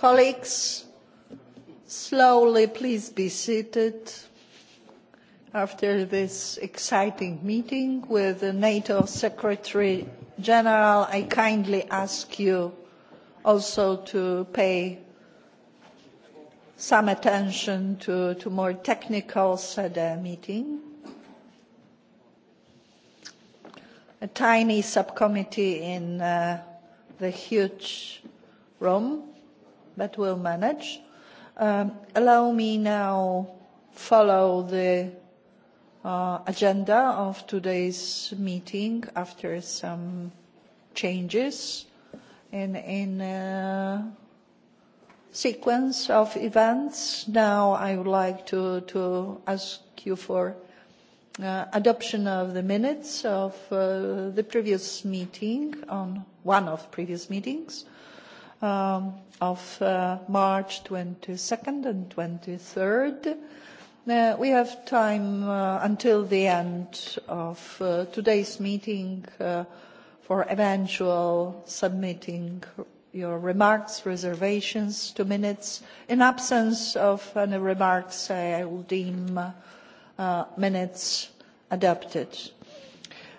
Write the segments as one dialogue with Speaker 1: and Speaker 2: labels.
Speaker 1: Colleagues, slowly please be seated after this exciting meeting with the NATO Secretary General. I kindly ask you also to pay some attention to, to more technical SEDE uh, meeting. A tiny subcommittee in uh, the huge room but we'll manage. Um, allow me now follow the uh, agenda of today's meeting after some changes in, in uh, sequence of events. Now I would like to, to ask you for uh, adoption of the minutes of uh, the previous meeting on one of previous meetings. Um, of uh, March 22nd and 23rd. Uh, we have time uh, until the end of today's meeting for eventual submitting your remarks, reservations, two minutes. In absence of any remarks, I will deem minutes adopted.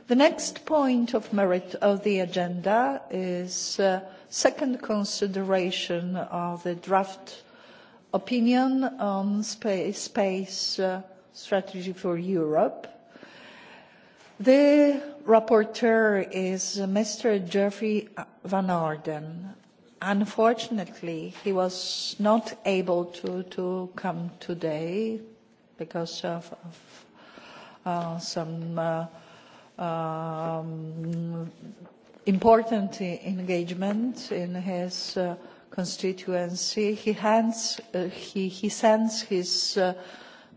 Speaker 1: The next point of merit of the agenda is the uh, second consideration of the draft opinion on space, space uh, strategy for Europe. The rapporteur is Mr. Geoffrey Van Orden. Unfortunately, he was not able to, to come today because of, of uh, some uh, Um, important engagement in his uh, constituency. He, hands, uh, he, he sends his uh,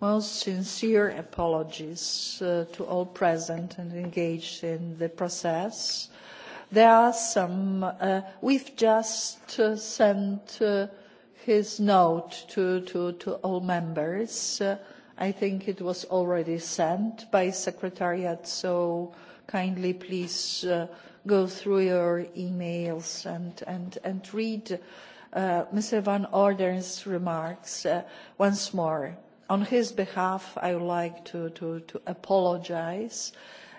Speaker 1: most sincere apologies uh, to all present and engaged in the process. There are some, uh, we've just uh, sent uh, his note to, to, to all members. Uh, I think it was already sent by Secretariat, so kindly please uh, go through your emails and, and, and read uh, Mr. Van Orden's remarks uh, once more. On his behalf, I would like to, to, to apologize.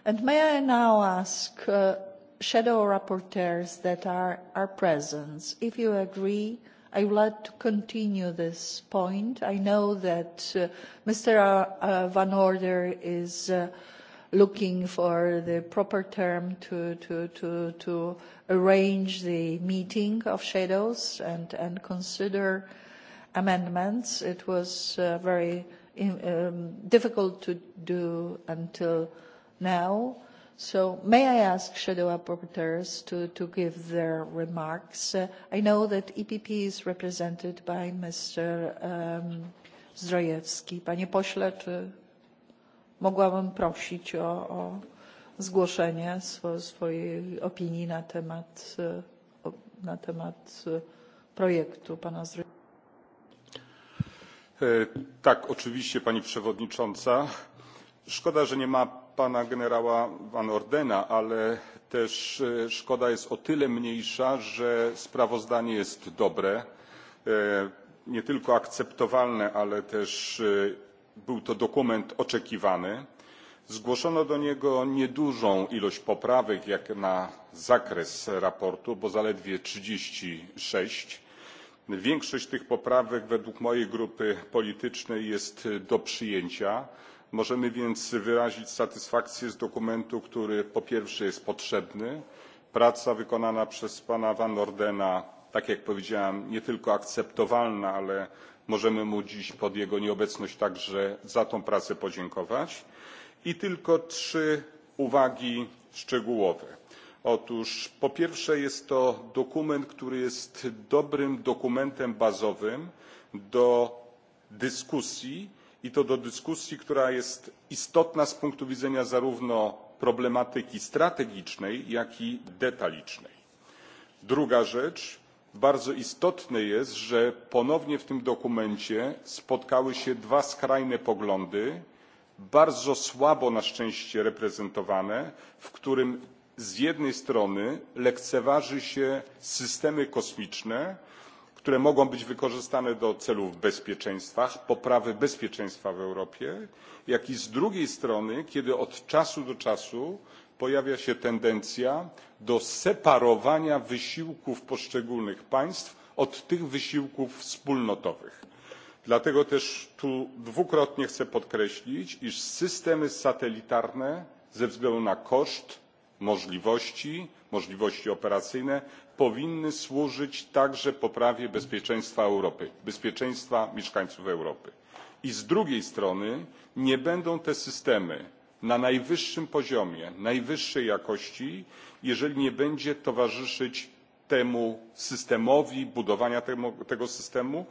Speaker 1: And may I now ask uh, shadow rapporteurs that are, are present, if you agree, I would like to continue this point. I know that uh, Mr. Van Order is uh, looking for the proper term to, to, to, to arrange the meeting of shadows and, and consider amendments. It was uh, very um, difficult to do until now. So may I ask shadow rapporteurs to, to give their remarks? Uh, I know that EPP is represented by Mr. Um, Zdrojewski. Panie pośle, czy mogłabym prosić o, o zgłoszenie swojej opinii na temat, na temat projektu pana Zdrojewskiego?
Speaker 2: Tak, oczywiście pani przewodnicząca. Szkoda, że nie ma pana generała van ordena ale też szkoda jest o tyle mniejsza że sprawozdanie jest dobre nie tylko akceptowalne ale też był to dokument oczekiwany. zgłoszono do niego niedużą ilość poprawek jak na zakres sprawozdania bo zaledwie trzydzieści sześć większość tych poprawek według mojej grupy politycznej jest do przyjęcia możemy więc wyrazić satysfakcję z dokumentu który po pierwsze jest potrzebny praca wykonana przez pana van ordena tak jak powiedziałem nie tylko akceptowalna ale możemy mu dziś pod jego nieobecność także za tę pracę podziękować i tylko trzy uwagi szczegółowe. otóż po pierwsze jest to dokument który jest dobrym dokumentem bazowym do dyskusji i to do dyskusji która jest istotna z punktu widzenia zarówno problematyki strategicznej jak i detalicznej. druga rzecz bardzo istotne jest że ponownie w tym dokumencie spotkały się dwa skrajne poglądy bardzo słabo na szczęście reprezentowane w którym z jednej strony lekceważy się systemy kosmiczne które mogą być wykorzystane do celów bezpieczeństwa poprawy bezpieczeństwa w europie jak i z drugiej strony kiedy od czasu do czasu pojawia się tendencja do separowania wysiłków poszczególnych państw od tych wysiłków wspólnotowych. dlatego też tu dwukrotnie chcę podkreślić iż systemy satelitarne ze względu na koszt możliwości możliwości operacyjne powinny służyć także poprawie bezpieczeństwa europy bezpieczeństwa mieszkańców europy i z drugiej strony nie będą te systemy na najwyższym poziomie najwyższej jakości jeżeli nie będzie towarzyszyć temu systemowi budowania tego systemu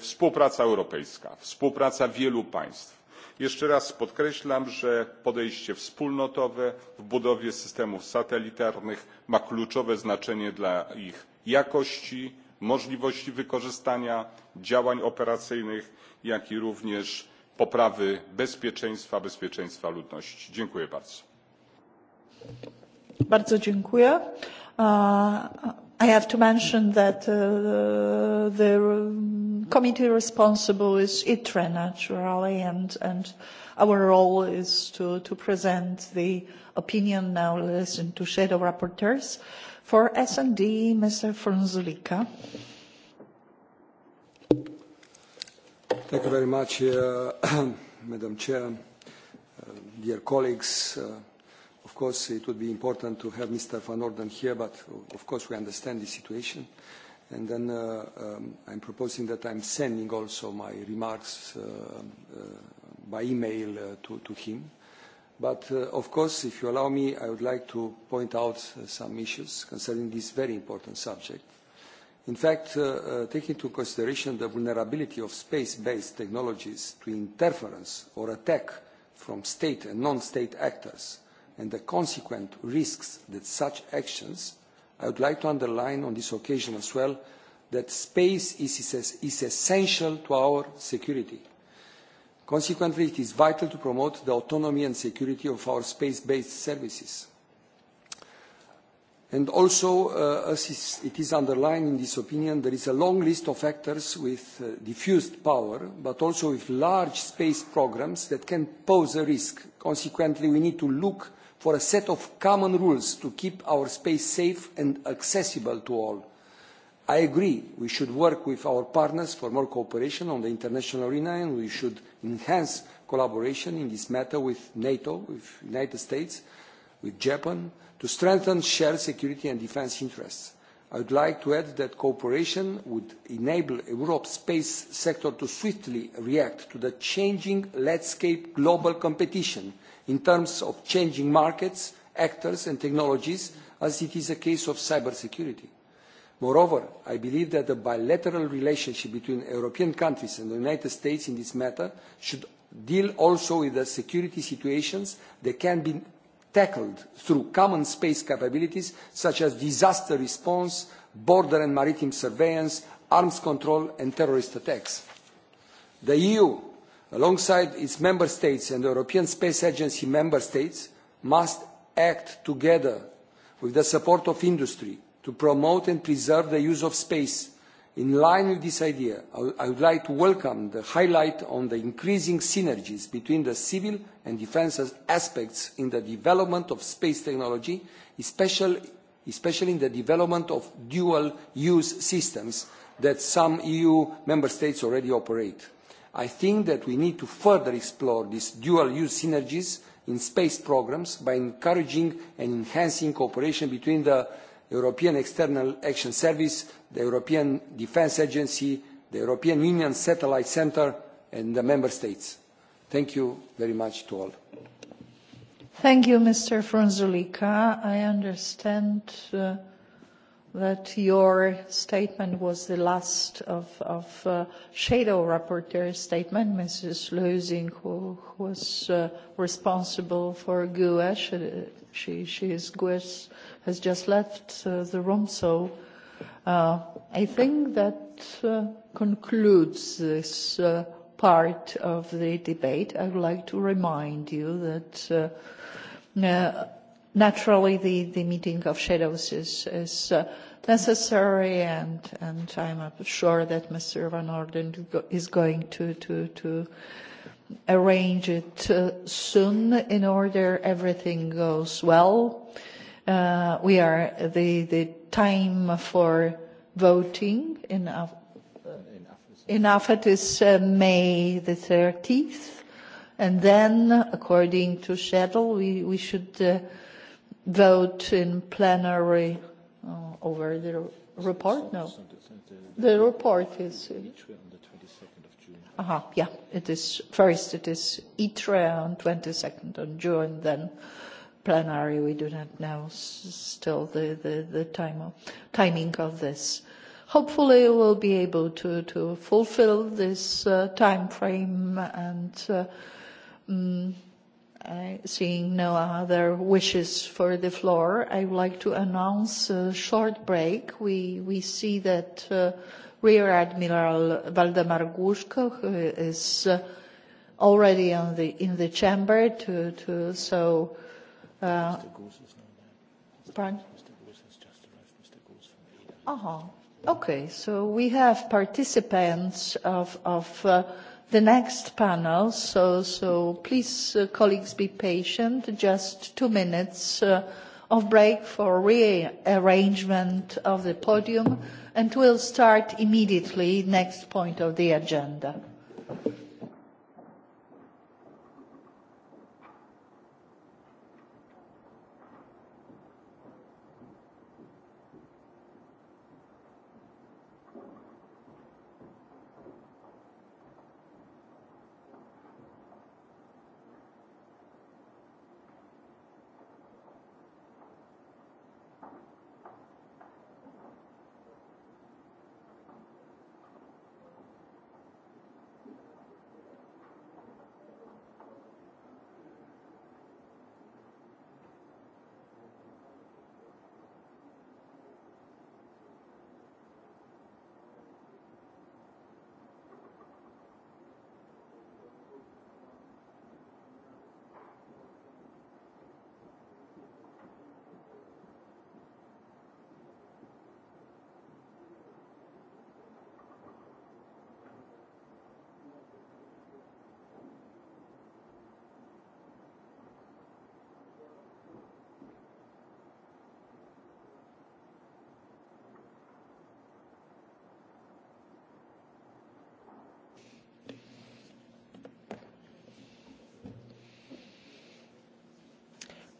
Speaker 2: współpraca europejska współpraca wielu państw jeszcze raz podkreślam że podejście wspólnotowe w budowie systemów satelitarnych ma kluczowe znaczenie dla ich jakości możliwości wykorzystania działań operacyjnych jak również poprawy bezpieczeństwa bezpieczeństwa ludności. dziękuję bardzo.
Speaker 1: I have to mention that uh, the um, committee responsible is ITRE, naturally, and, and our role is to, to present the opinion now, listen to shadow rapporteurs. For S&D, Mr. Fronzulika.
Speaker 3: Thank you very much, uh, Madam Chair, uh, dear colleagues, uh, Of course, it would be important to have Mr. Van Orden here, but uh, of course we understand the situation. And then uh, um, I'm proposing that I'm sending also my remarks uh, uh, by email uh, to, to him. But uh, of course, if you allow me, I would like to point out uh, some issues concerning this very important subject. In fact, uh, uh, taking into consideration the vulnerability of space-based technologies to interference or attack from state and non-state actors, and the consequent risks that such actions, I would like to underline on this occasion as well that space is, is essential to our security. Consequently, it is vital to promote the autonomy and security of our space-based services. And also, uh, as is, it is underlined in this opinion, there is a long list of actors with uh, diffused power, but also with large space programs that can pose a risk. Consequently, we need to look for a set of common rules to keep our space safe and accessible to all. I agree we should work with our partners for more cooperation on the international arena and we should enhance collaboration in this matter with NATO, with United States, with Japan, to strengthen shared security and defence interests. I would like to add that cooperation would enable Europe's space sector to swiftly react to the changing landscape global competition in terms of changing markets, actors and technologies, as it is the case of cybersecurity. Moreover, I believe that the bilateral relationship between European countries and the United States in this matter should deal also with the security situations that can be tackled through common space capabilities such as disaster response, border and maritime surveillance, arms control and terrorist attacks. The EU alongside its member states and the European Space Agency member states, must act together with the support of industry to promote and preserve the use of space. In line with this idea, I would like to welcome the highlight on the increasing synergies between the civil and defence aspects in the development of space technology, especially, especially in the development of dual-use systems that some EU member states already operate. I think that we need to further explore these dual-use synergies in space programmes by encouraging and enhancing cooperation between the European External Action Service, the European Defence Agency, the European Union Satellite Centre and the Member States. Thank you very much to all.
Speaker 1: Thank you, Mr. Frunzulic. I understand uh, that your statement was the last of, of uh, shadow rapporteur's statement, Mrs. Lösing, who, who was uh, responsible for GUE. She, uh, she, she is GUE, has just left uh, the room, so uh, I think that uh, concludes this uh, part of the debate. I would like to remind you that uh, uh, naturally the, the meeting of shadows is, is uh, necessary and, and I'm sure that Mr. Van Orden is going to, to, to arrange it uh, soon in order everything goes well. Uh, we are the, the time for voting in, Af uh, in AFET is uh, May the 13th. And then, according to schedule, we, we should uh, vote in plenary uh, over the report? No. The report is. Uh-huh, yeah, it is. First, it is ITRE on 22nd of June, then plenary. We do not know still the, the, the time of, timing of this. Hopefully, we'll be able to, to fulfill this uh, time frame and uh, um, seeing no other wishes for the floor, I would like to announce a short break. We, we see that uh, Rear Admiral Waldemar Głuszko, who is uh, already on the, in the chamber, to, to so. Uh, Mr. Goose is not there. Pardon? Mr. Goose has just arrived. Mr. Goose from the. uh uh-huh. Okay, so we have participants of, of the next panel. So, so please, uh, colleagues, be patient. Just two minutes uh, of break for rearrangement of the podium, and we'll start immediately next point of the agenda.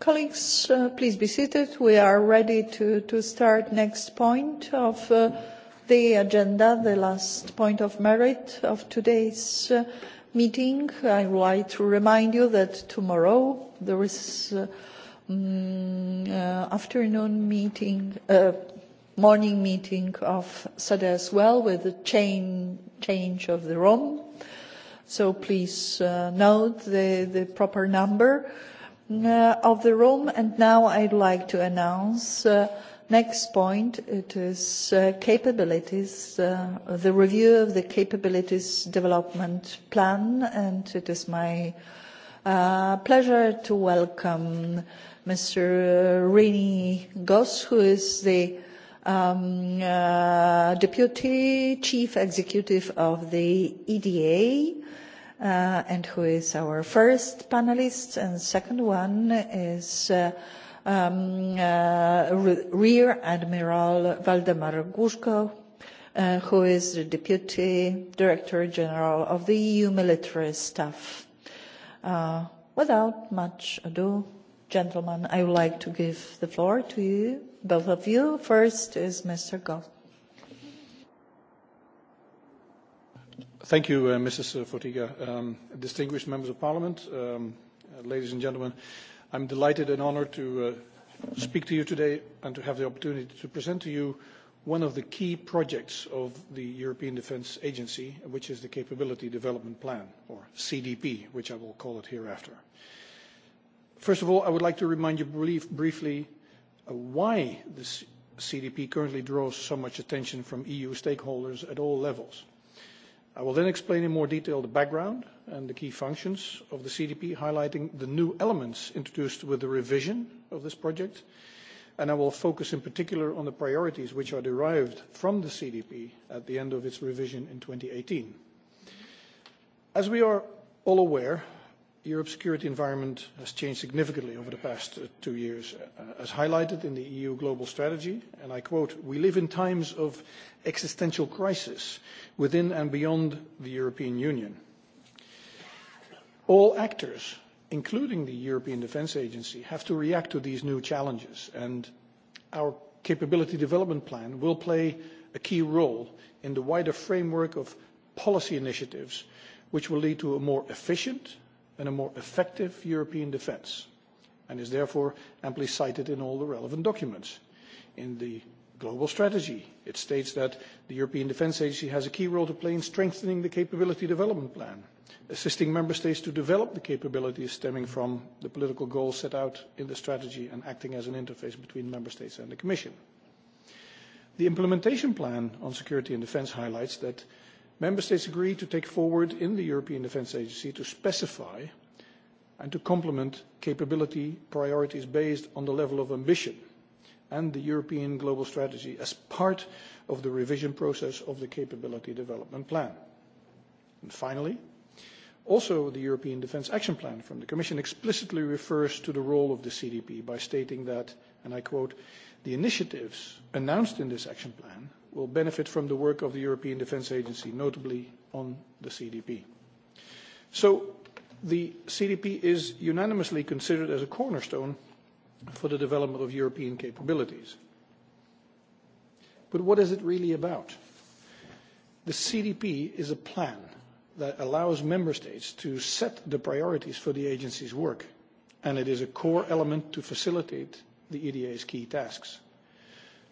Speaker 1: Colleagues, uh, please be seated. We are ready to, to start next point of uh, the agenda, the last point of merit of today's uh, meeting. I would like to remind you that tomorrow there is um, afternoon meeting, morning meeting of SADA as well with the chain, change of the room. So please note the, the proper number. Uh, Uh, of the room and now I'd like to announce uh, next point it is uh, capabilities uh, the review of the capabilities development plan and it is my uh, pleasure to welcome Mr. Rini Goss who is the um, uh, Deputy Chief Executive of the EDA Uh, and who is our first panelist, and second one is uh, um, uh, Rear Admiral Valdemar Guzko, uh, who is the Deputy Director General of the EU Military Staff. Uh, without much ado, gentlemen, I would like to give the floor to you, both of you. First is Mr. Goff.
Speaker 4: Thank you, uh, Mrs. Fortiga. Um, distinguished members of parliament, um, uh, ladies and gentlemen, I'm delighted and honored to uh, speak to you today and to have the opportunity to present to you one of the key projects of the European Defence Agency, which is the Capability Development Plan, or CDP, which I will call it hereafter. First of all, I would like to remind you brief, briefly uh, why the CDP currently draws so much attention from EU stakeholders at all levels. I will then explain in more detail the background and the key functions of the CDP, highlighting the new elements introduced with the revision of this project, and I will focus in particular on the priorities which are derived from the CDP at the end of its revision in 2018. As we are all aware, Europe's security environment has changed significantly over the past uh, two years, uh, as highlighted in the EU Global Strategy, and I quote, "We live in times of existential crisis within and beyond the European Union. All actors, including the European Defence Agency, have to react to these new challenges, and our capability development plan will play a key role in the wider framework of policy initiatives, which will lead to a more efficient and a more effective European defence, and is therefore amply cited in all the relevant documents. In the global strategy, it states that the European Defence Agency has a key role to play in strengthening the capability development plan, assisting member states to develop the capabilities stemming from the political goals set out in the strategy and acting as an interface between member states and the Commission. The implementation plan on security and defence highlights that Member States agreed to take forward in the European Defence Agency to specify and to complement capability priorities based on the level of ambition and the European Global Strategy as part of the revision process of the Capability Development Plan. And finally, also the European Defence Action Plan from the Commission explicitly refers to the role of the CDP by stating that, and I quote, The initiatives announced in this action plan will benefit from the work of the European Defence Agency, notably on the CDP. So the CDP is unanimously considered as a cornerstone for the development of European capabilities. But what is it really about? The CDP is a plan that allows member states to set the priorities for the agency's work, and it is a core element to facilitate the EDA's key tasks.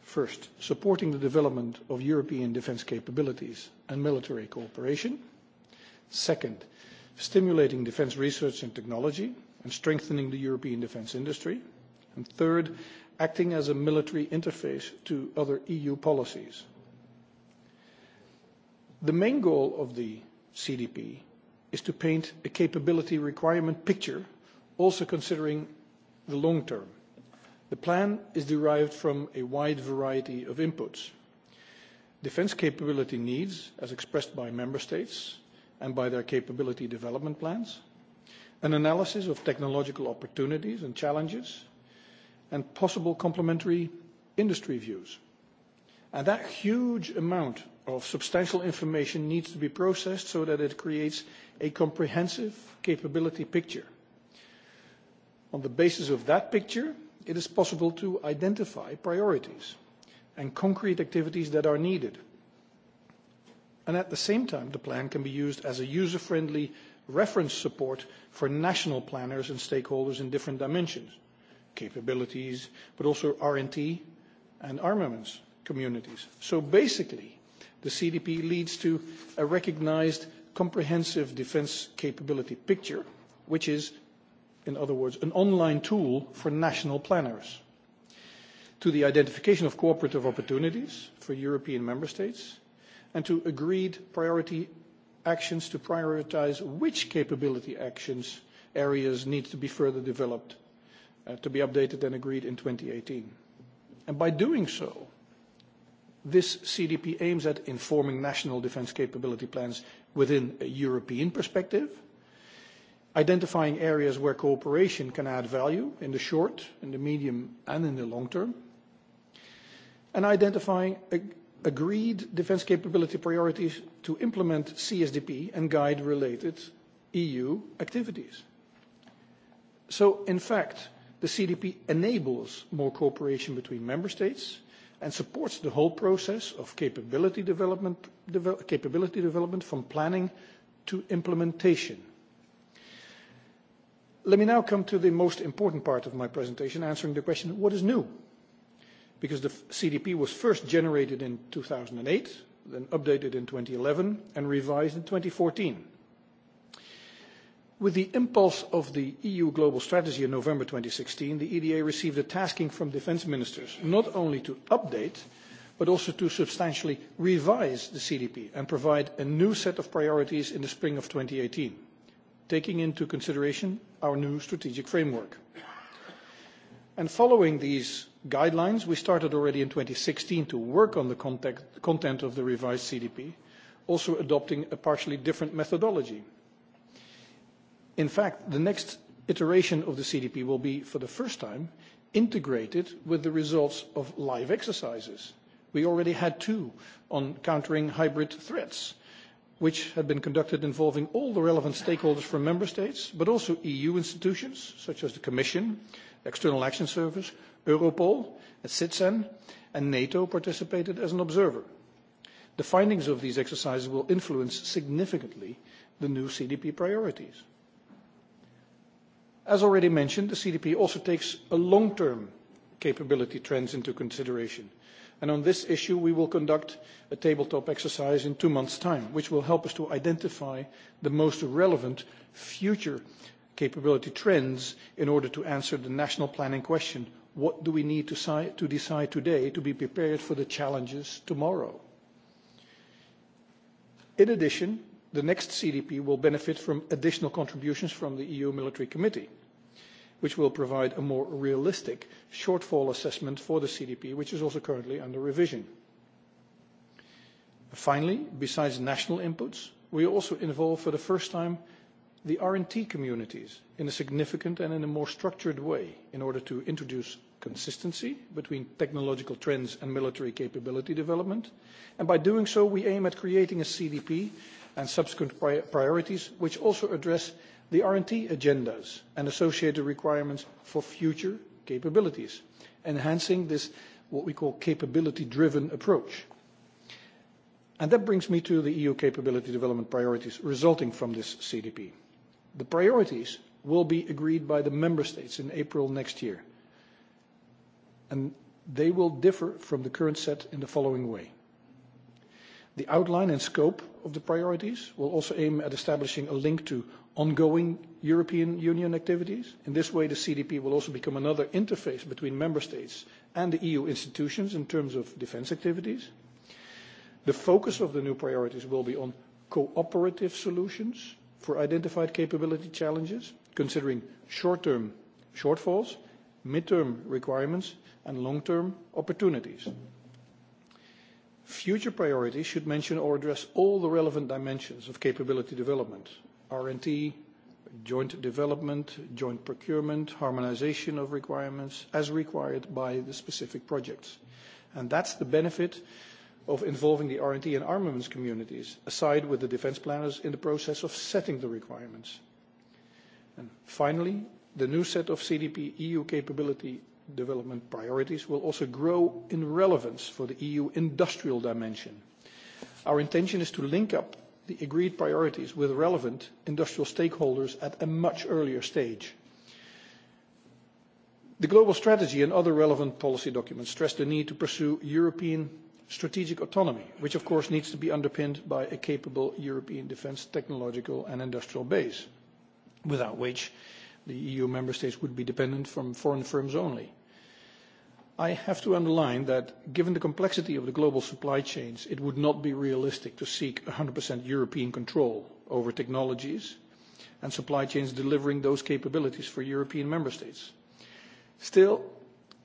Speaker 4: First, supporting the development of European defence capabilities and military cooperation. Second, stimulating defence research and technology and strengthening the European defence industry. And third, acting as a military interface to other EU policies. The main goal of the CDP is to paint a capability requirement picture, also considering the long term The plan is derived from a wide variety of inputs. Defence capability needs, as expressed by member states and by their capability development plans, an analysis of technological opportunities and challenges, and possible complementary industry views. And that huge amount of substantial information needs to be processed so that it creates a comprehensive capability picture. On the basis of that picture, it is possible to identify priorities and concrete activities that are needed. And at the same time, the plan can be used as a user-friendly reference support for national planners and stakeholders in different dimensions, capabilities, but also R&T and armaments communities. So basically, the CDP leads to a recognized comprehensive defense capability picture, which is in other words, an online tool for national planners to the identification of cooperative opportunities for European member states and to agreed priority actions to prioritize which capability actions areas need to be further developed uh, to be updated and agreed in 2018. And by doing so, this CDP aims at informing national defense capability plans within a European perspective identifying areas where cooperation can add value in the short, in the medium, and in the long term, and identifying agreed defence capability priorities to implement CSDP and guide related EU activities. So, in fact, the CDP enables more cooperation between member states and supports the whole process of capability development, capability development from planning to implementation Let me now come to the most important part of my presentation, answering the question, what is new? Because the CDP was first generated in 2008, then updated in 2011, and revised in 2014. With the impulse of the EU Global Strategy in November 2016, the EDA received a tasking from defense ministers, not only to update, but also to substantially revise the CDP and provide a new set of priorities in the spring of 2018 taking into consideration our new strategic framework. And following these guidelines, we started already in 2016 to work on the content of the revised CDP, also adopting a partially different methodology. In fact, the next iteration of the CDP will be, for the first time, integrated with the results of live exercises. We already had two on countering hybrid threats, which had been conducted involving all the relevant stakeholders from member states, but also EU institutions such as the Commission, the External Action Service, Europol, and CITSEN, and NATO participated as an observer. The findings of these exercises will influence significantly the new CDP priorities. As already mentioned, the CDP also takes a long-term capability trends into consideration – And on this issue, we will conduct a tabletop exercise in two months' time, which will help us to identify the most relevant future capability trends in order to answer the national planning question. What do we need to, to decide today to be prepared for the challenges tomorrow? In addition, the next CDP will benefit from additional contributions from the EU Military Committee – which will provide a more realistic shortfall assessment for the CDP, which is also currently under revision. Finally, besides national inputs, we also involve for the first time the R&T communities in a significant and in a more structured way in order to introduce consistency between technological trends and military capability development. And by doing so, we aim at creating a CDP and subsequent priorities which also address the R&T agendas and associated requirements for future capabilities, enhancing this, what we call capability-driven approach. And That brings me to the EU capability development priorities resulting from this CDP. The priorities will be agreed by the member states in April next year, and they will differ from the current set in the following way. The outline and scope of the priorities will also aim at establishing a link to ongoing European Union activities. In this way, the CDP will also become another interface between member states and the EU institutions in terms of defence activities. The focus of the new priorities will be on cooperative solutions for identified capability challenges, considering short-term shortfalls, mid-term requirements, and long-term opportunities. Future priorities should mention or address all the relevant dimensions of capability development, R&D, joint development, joint procurement, harmonization of requirements as required by the specific projects. And that's the benefit of involving the R&D and armaments communities, aside with the defense planners in the process of setting the requirements. And finally, the new set of CDP EU capability development priorities will also grow in relevance for the EU industrial dimension. Our intention is to link up the agreed priorities with relevant industrial stakeholders at a much earlier stage. The global strategy and other relevant policy documents stress the need to pursue European strategic autonomy, which of course needs to be underpinned by a capable European defence technological and industrial base, without which the EU member states would be dependent from foreign firms only. I have to underline that given the complexity of the global supply chains, it would not be realistic to seek 100% European control over technologies and supply chains delivering those capabilities for European member states. Still,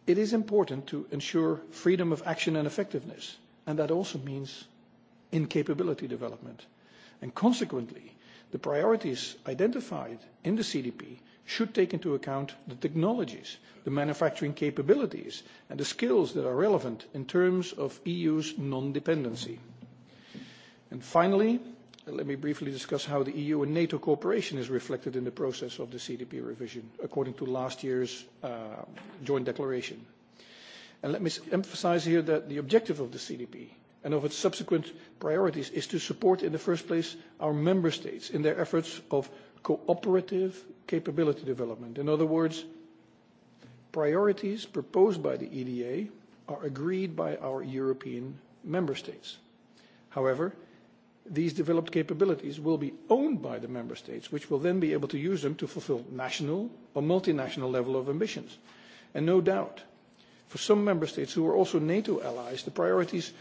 Speaker 4: it is important to ensure freedom of action and effectiveness, and that also means in capability development. And consequently, the priorities identified in the CDP should take into account the technologies, the manufacturing capabilities, and the skills that are relevant in terms of EU's non-dependency. And Finally, let me briefly discuss how the EU and NATO cooperation is reflected in the process of the CDP revision, according to last year's uh, joint declaration. And Let me emphasize here that the objective of the CDP and of its subsequent priorities is to support, in the first place, our member states in their efforts of cooperative capability development. In other words, priorities proposed by the EDA are agreed by our European member states. However, these developed capabilities will be owned by the member states, which will then be able to use them to fulfill national or multinational level of ambitions. And no doubt, for some member states who are also NATO allies, the priorities,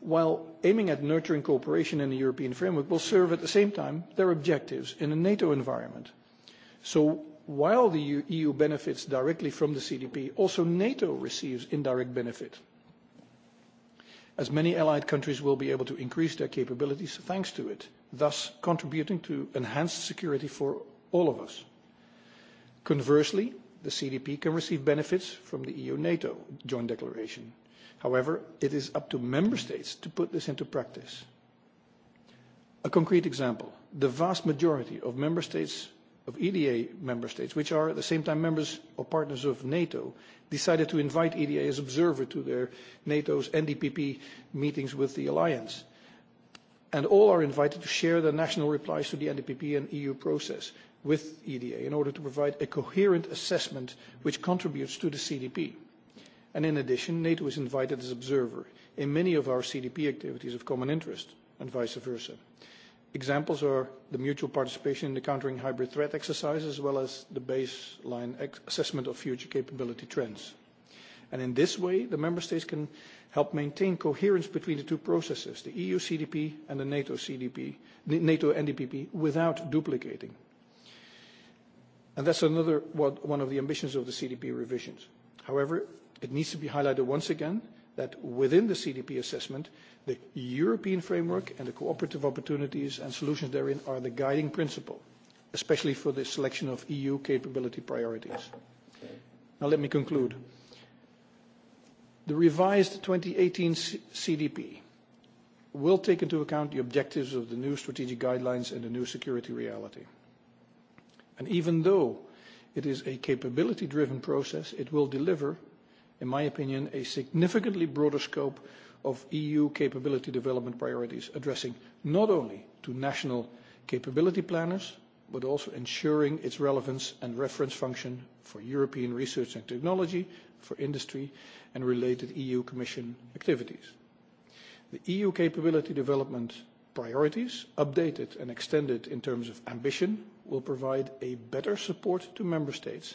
Speaker 4: while aiming at nurturing cooperation in the European framework, will serve at the same time their objectives in a NATO environment. So while the EU benefits directly from the CDP, also NATO receives indirect benefit, as many allied countries will be able to increase their capabilities thanks to it, thus contributing to enhanced security for all of us. Conversely, the CDP can receive benefits from the EU-NATO joint declaration. However, it is up to member states to put this into practice. A concrete example, the vast majority of member states of EDA member states, which are at the same time members or partners of NATO, decided to invite EDA as observer to their NATO's NDPP meetings with the alliance. And all are invited to share their national replies to the NDPP and EU process with EDA in order to provide a coherent assessment which contributes to the CDP. And in addition, NATO is invited as observer in many of our CDP activities of common interest and vice versa. Examples are the mutual participation in the countering hybrid threat exercise, as well as the baseline assessment of future capability trends. And in this way, the member states can help maintain coherence between the two processes, the EU CDP and the NATO CDP, NATO NDPP, without duplicating. And that's another one of the ambitions of the CDP revisions. However, it needs to be highlighted once again that within the CDP assessment, the European framework and the cooperative opportunities and solutions therein are the guiding principle, especially for the selection of EU capability priorities. Now let me conclude. The revised 2018 CDP will take into account the objectives of the new strategic guidelines and the new security reality. And even though it is a capability-driven process, it will deliver in my opinion, a significantly broader scope of EU capability development priorities, addressing not only to national capability planners, but also ensuring its relevance and reference function for European research and technology, for industry, and related EU Commission activities. The EU capability development priorities, updated and extended in terms of ambition, will provide a better support to member states,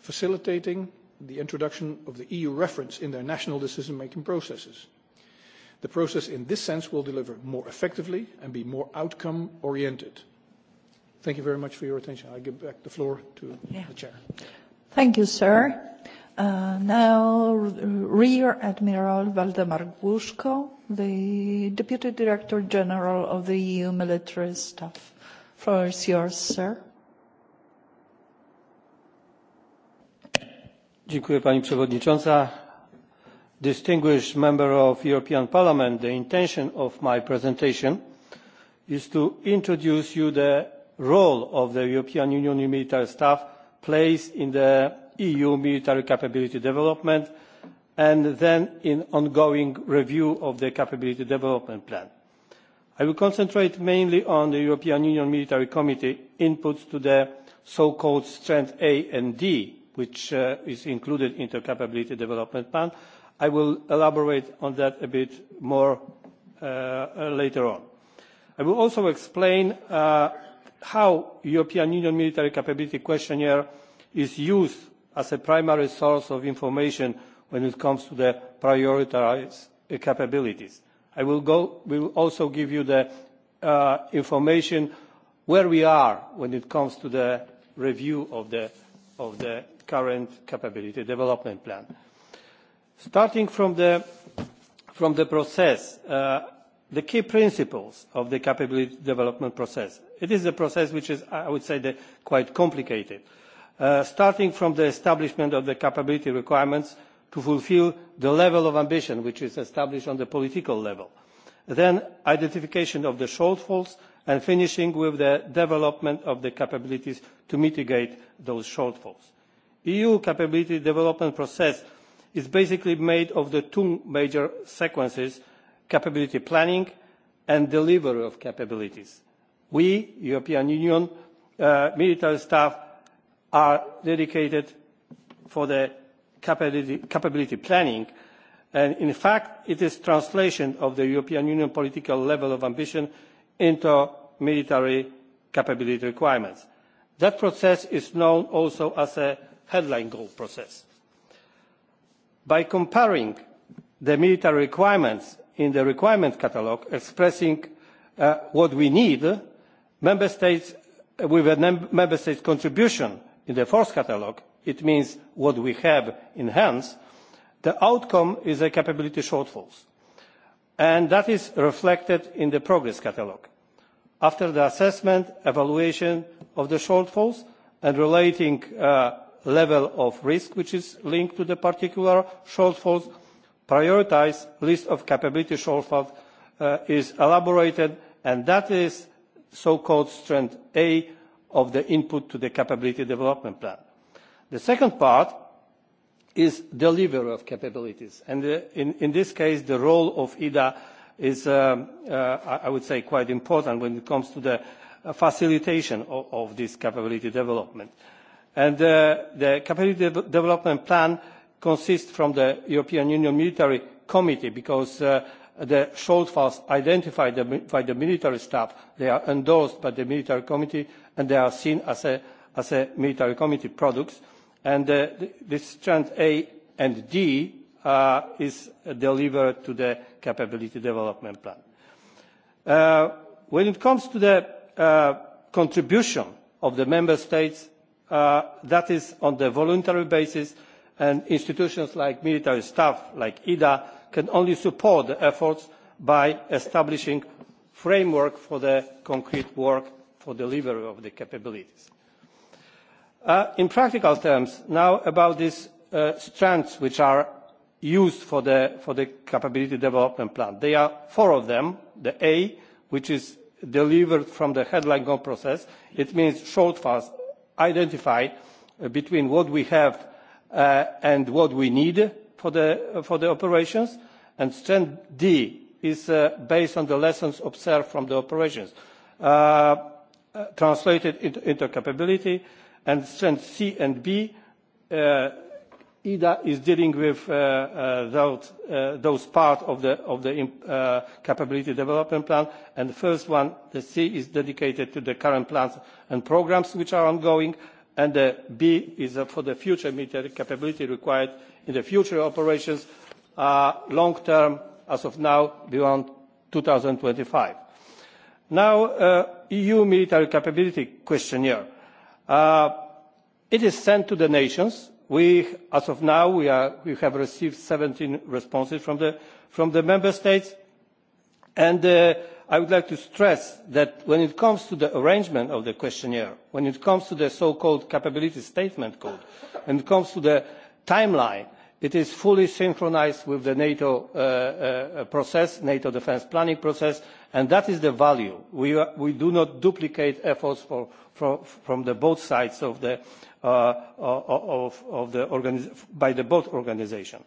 Speaker 4: facilitating the introduction of the EU reference in their national decision-making processes. The process in this sense will deliver more effectively and be more outcome-oriented. Thank you very much for your attention. I give back the floor to yeah. the chair.
Speaker 1: Thank you, sir. Uh, now, Rear Admiral Valdemar Gushko, the Deputy Director General of the EU Military Staff. Floor is yours, sir.
Speaker 5: Dziękuję Pani Przewodnicząca. Distinguished member of European Parliament, the intention of my presentation is to introduce you the role of the European Union military staff plays in the EU military capability development and then in ongoing review of the capability development plan. I will concentrate mainly on the European Union Military Committee inputs to the so-called Strength A and D which uh, is included in the capability development plan. i will elaborate on that a bit more uh, uh later on. i will also explain uh, how the european union military capability questionnaire is used as a primary source of information when it comes to the prioritised uh, capabilities. i will, go, will also give you the information where we are when it comes to the review of the of the current capability development plan. Starting from the, from the process, uh, the key principles of the capability development process. It is a process which is, I would say, the, quite complicated. Uh, starting from the establishment of the capability requirements to fulfil the level of ambition which is established on the political level. Then identification of the shortfalls and finishing with the development of the capabilities to mitigate those shortfalls. the eu capability development process is basically made of the two major sequences capability planning and delivery of capabilities. we european union uh, military staff are dedicated for the capability, capability planning and in fact it is translation of the european union political level of ambition Into military capability requirements. that process is known also as a headline goal process. by comparing the military requirements in the requirement catalogue expressing uh, what we need member states uh, with a member states contribution in the force catalogue it means what we have in hand the outcome is a capability shortfall and that is reflected in the progress catalogue. after the assessment evaluation of the shortfalls and relating uh, level of risk which is linked to the particular shortfalls prioritised list of capability shortfalls uh, is elaborated and that is so called strand a of the input to the capability development plan. the second part is deliverer of capabilities. And uh, in, in this case, the role of IDA is, uh, uh I would say, quite important when it comes to the facilitation of, of this capability development. And uh, the capability de development plan consists from the European Union Military Committee because uh, the shortfalls identified by the military staff, they are endorsed by the military committee and they are seen as a, as a military committee products and uh, this strand A and D uh, is delivered to the capability development plan. Uh, when it comes to the uh, contribution of the member states, uh, that is on the voluntary basis, and institutions like military staff, like IDA, can only support the efforts by establishing framework for the concrete work for delivery of the capabilities. Uh, in practical terms now about these uh, strands which are used for the, capability development plan there are four of them the a which is delivered from the headline goal process it means shortfalls identified uh, between what we have uh, and what we need for the, for the operations and strand d is based on the lessons observed from the operations translated into, into capability and strength C and B, uh, EDA is dealing with uh, uh, those, uh, those part of the, of the uh, capability development plan. And the first one, the C, is dedicated to the current plans and programs which are ongoing. And the B is uh, for the future military capability required in the future operations, uh, long term, as of now, beyond 2025. Now, uh, EU military capability questionnaire Uh, it is sent to the nations. as of now, we, have received 17 responses from the, member states. And uh, I would like to stress that when it comes to the arrangement of the questionnaire, when it comes to the so-called capability statement code, when it comes to the timeline, it is fully synchronised with the nato process uh, the uh, uh, process nato defence planning process and that is the value. we, do not duplicate efforts from the both sides of the, by the both organisations.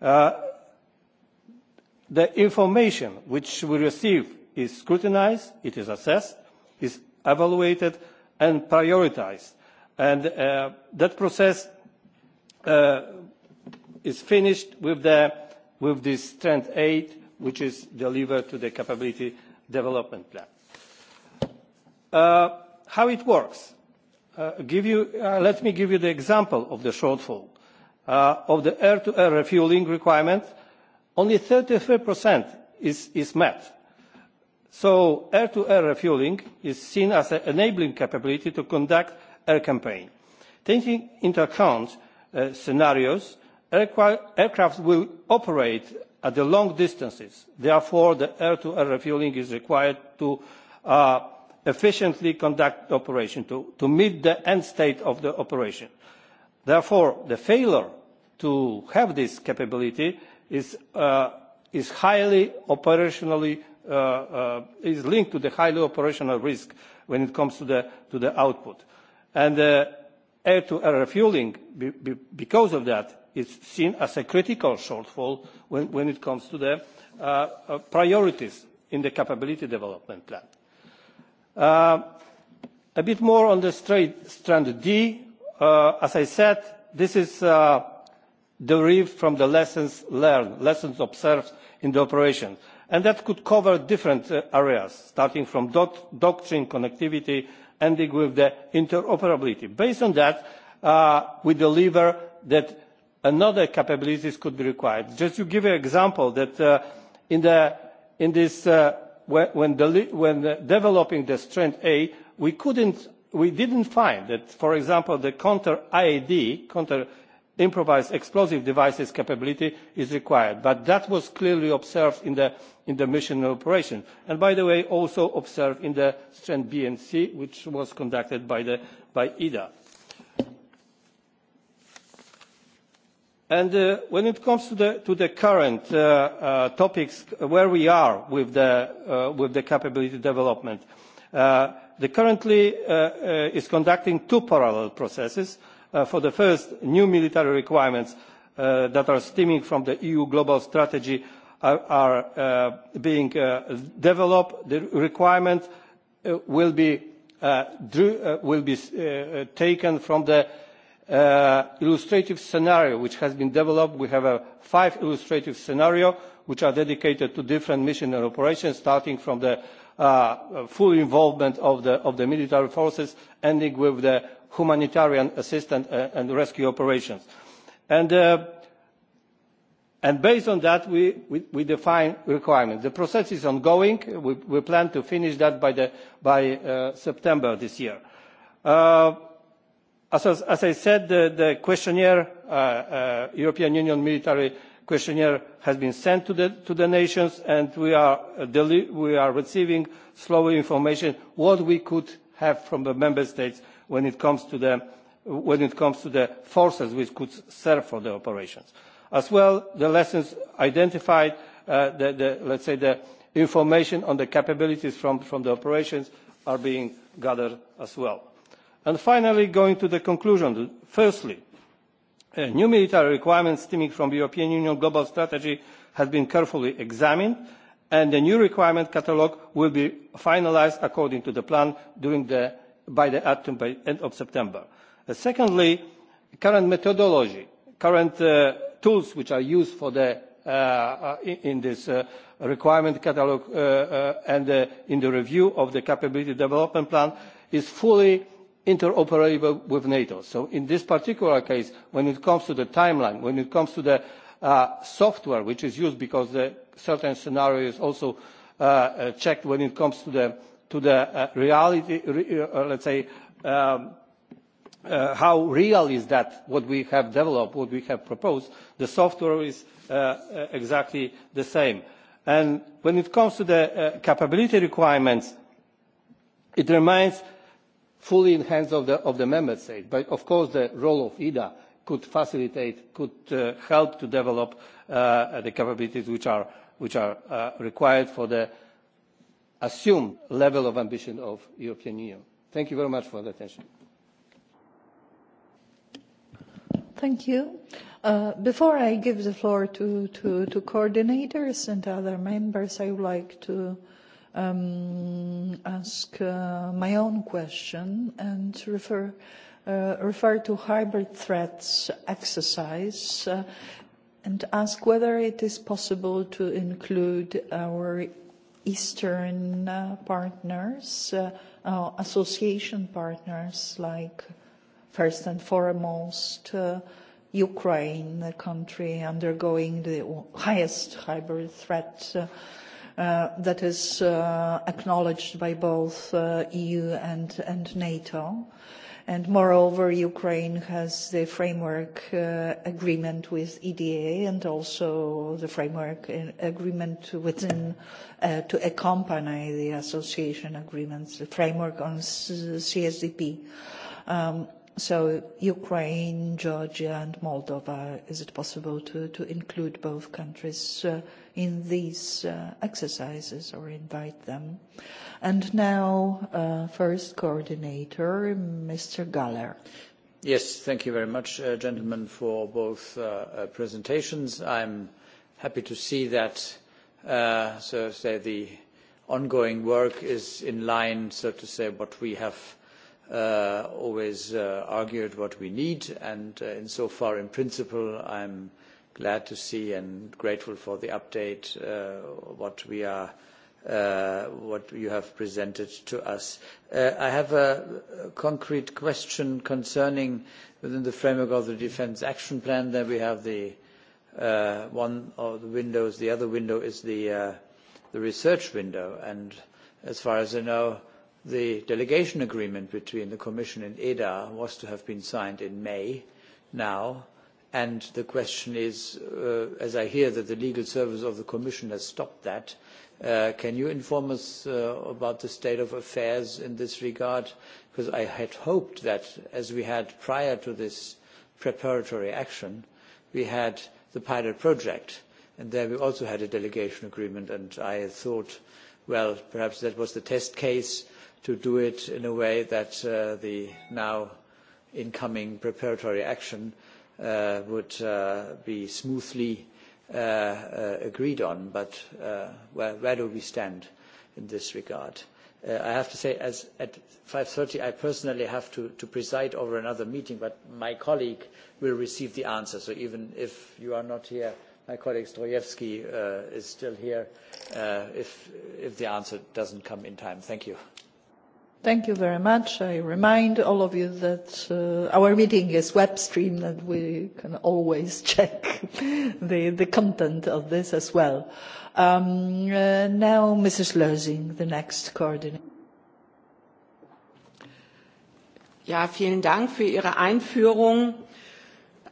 Speaker 5: the information which we receive is scrutinised it is assessed is evaluated and prioritised and that process is finished with, the, with this strength aid, which is delivered to the capability development plan. Uh, how it works? Uh, give you, uh, let me give you the example of the shortfall. Uh, of the air-to-air refueling requirement, only 33% is, is met. So air-to-air -air refueling is seen as an enabling capability to conduct air campaign. Taking into account uh, scenarios aircraft will operate at the long distances. therefore the air to air refuelling is required to uh, efficiently conduct operation to, to meet the end state of the operation. therefore the failure to have this capability is, uh, is highly operationally uh, uh, is linked to the highly operational risk when it comes to the to the output and uh, air to air refuelling be, be, because of that is seen as a critical shortfall when, when it comes to the uh, uh, priorities in the capability development plan. Uh, a bit more on the straight, strand D. Uh, as I said, this is uh, derived from the lessons learned, lessons observed in the operation. And that could cover different uh, areas, starting from doctrine, connectivity, ending with the interoperability. Based on that, we deliver that another capabilities could be required. Just to give you an example, that uh, in, this, uh, when, developing the strength A, we couldn't, we didn't find that, for example, the counter IED, counter improvised explosive devices capability is required. But that was clearly observed in the, mission operation. And by the way, also observed in the strength B and C, which was conducted by, the, by EDA. And uh, when it comes to the, to the current uh, uh, topics, uh, where we are with the, uh, with the capability development, uh, the currently uh, uh, is conducting two parallel processes. Uh, for the first, new military requirements uh, that are stemming from the EU global strategy are, uh, are uh, being uh, developed. The requirement uh, will be, uh, drew, uh, will be uh, uh taken from the uh, illustrative scenario which has been developed. We have uh, five illustrative scenarios which are dedicated to different missions and operations, starting from the uh, full involvement of the, of the military forces, ending with the humanitarian assistance uh, and rescue operations. And, uh, and based on that, we, we, we define requirements. The process is ongoing. We, we plan to finish that by, the, by uh, September this year. Uh, As, I said, the, questionnaire, the uh, uh, European Union military questionnaire has been sent to the, nations and we are, uh, receiving slowly information what we could have from the member states when it comes to the, forces which could serve for the operations. As well, the lessons identified, let us let's say the information on the capabilities from the operations are being gathered as well. And finally going to the conclusion firstly new military requirements stemming from the european union global strategy have been carefully examined and the new requirement catalogue will be finalised according to the plan by the end of september. secondly uh, secondly current methodology current uh, tools which are used for the, uh, in this requirement catalogue and in the review of the capability development plan is fully interoperable with nato. so in this particular case when it comes to the timeline when it comes to the uh, software which is used because the certain scenario is also uh, uh, checked when it comes to the to the uh, reality uh, uh, let's say um, how real is that what we have developed what we have proposed the software is exactly the same and when it comes to the capability requirements it remains fully in the hands of the, of the member states. But of course, the role of EDA could facilitate, could uh, help to develop uh, the capabilities which are, which are uh, required for the assumed level of ambition of European Union. Thank you very much for the attention.
Speaker 1: Thank you. before I give the floor to, to, coordinators and other members, I would like to um, ask uh, my own question and refer, uh, refer to hybrid threats exercise uh, and ask whether it is possible to include our Eastern uh, partners, uh, our association partners like first and foremost uh, Ukraine, the country undergoing the highest hybrid threat uh, Uh, that is uh, acknowledged by both uh, EU and, and NATO. And moreover, Ukraine has the framework uh, agreement with EDA and also the framework agreement within uh, to accompany the association agreements, the framework on CSDP. Um, So Ukraine, Georgia and Moldova, is it possible to, to include both countries uh, in these uh, exercises or invite them? And now, uh, first coordinator, Mr. Galler.
Speaker 6: Yes, thank you very much, uh, gentlemen, for both uh, uh, presentations. I'm happy to see that, uh, so to say, the ongoing work is in line, so to say, what we have uh, always uh, argued what we need, and uh, insofar, in principle, I'm glad to see and grateful for the update uh, what we are uh, what you have presented to us. Uh, I have a, a concrete question concerning within the framework of the Defence Action Plan. There we have the uh, one of the windows. The other window is the uh, the research window, and as far as I know, The delegation agreement between the Commission and EDA was to have been signed in May now, and the question is, uh, as I hear that the legal service of the Commission has stopped that, uh, can you inform us uh, about the state of affairs in this regard? Because I had hoped that, as we had prior to this preparatory action, we had the pilot project, and there we also had a delegation agreement, and I thought, well, perhaps that was the test case, to do it in a way that uh, the now incoming preparatory action uh, would uh, be smoothly uh, uh, agreed on. But uh, where, where, do we stand in this regard? I have to say, as at 5.30, I personally have to, to preside over another meeting, but my colleague will receive the answer. So even if you are not here, my colleague Strojewski uh, is still here uh, if, if the answer doesn't come in time. Thank you.
Speaker 1: Thank you very much. I remind all of you that uh, our meeting is web streamed and we can always check the, the content of this as well. Um, uh, now, Mrs. Lösing, the next coordinator.
Speaker 7: Ja, vielen Dank für Ihre Einführung.